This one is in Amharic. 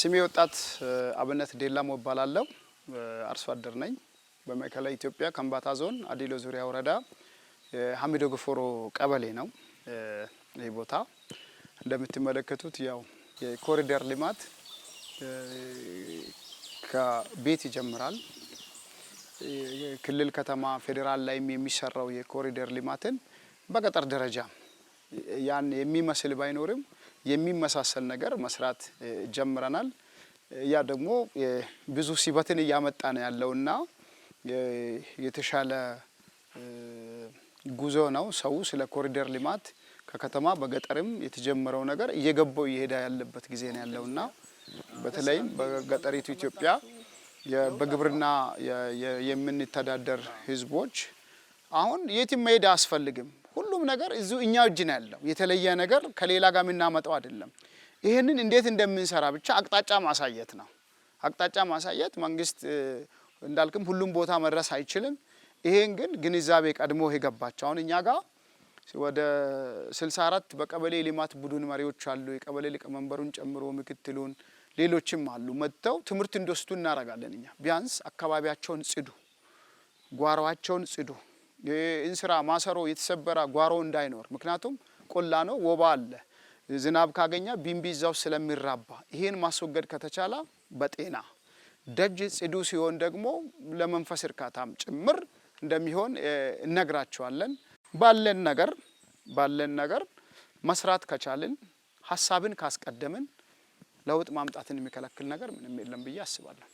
ስሜ ወጣት አብነት ዴላሞ እባላለሁ። አርሶ አደር ነኝ። በማዕከላዊ ኢትዮጵያ ከምባታ ዞን አዲሎ ዙሪያ ወረዳ ሀሚዶ ገፎሮ ቀበሌ ነው ይህ ቦታ። እንደምትመለከቱት ያው የኮሪደር ልማት ከቤት ይጀምራል። ክልል፣ ከተማ፣ ፌዴራል ላይም የሚሰራው የኮሪደር ልማትን በገጠር ደረጃ ያን የሚመስል ባይኖርም የሚመሳሰል ነገር መስራት ጀምረናል። ያ ደግሞ ብዙ ሲበትን እያመጣ ነው ያለውና የተሻለ ጉዞ ነው። ሰው ስለ ኮሪደር ልማት ከከተማ በገጠርም የተጀመረው ነገር እየገባው እየሄደ ያለበት ጊዜ ነው ያለውና በተለይም በገጠሪቱ ኢትዮጵያ በግብርና የምንተዳደር ህዝቦች አሁን የትም መሄድ አያስፈልግም። ሁሉም ነገር እዚሁ እኛ እጅ ነው ያለው። የተለየ ነገር ከሌላ ጋር የምናመጣው አይደለም። ይህንን እንዴት እንደምንሰራ ብቻ አቅጣጫ ማሳየት ነው። አቅጣጫ ማሳየት መንግስት እንዳልክም ሁሉም ቦታ መድረስ አይችልም። ይሄን ግን ግንዛቤ ቀድሞ የገባቸው አሁን እኛ ጋር ወደ 64 በቀበሌ ልማት ቡድን መሪዎች አሉ። የቀበሌ ሊቀመንበሩን ጨምሮ ምክትሉን፣ ሌሎችም አሉ። መጥተው ትምህርት እንዲወስዱ እናደርጋለን። እኛ ቢያንስ አካባቢያቸውን ጽዱ፣ ጓሯቸውን ጽዱ እንስራ፣ ማሰሮ፣ የተሰበረ ጓሮ እንዳይኖር። ምክንያቱም ቆላ ነው፣ ወባ አለ። ዝናብ ካገኘ ቢንቢ እዛው ስለሚራባ ይህን ማስወገድ ከተቻለ በጤና ደጅ ጽዱ ሲሆን ደግሞ ለመንፈስ እርካታም ጭምር እንደሚሆን እነግራቸዋለን። ባለን ነገር ባለን ነገር መስራት ከቻልን ሀሳብን ካስቀደምን ለውጥ ማምጣትን የሚከለክል ነገር ምንም የለም ብዬ አስባለሁ።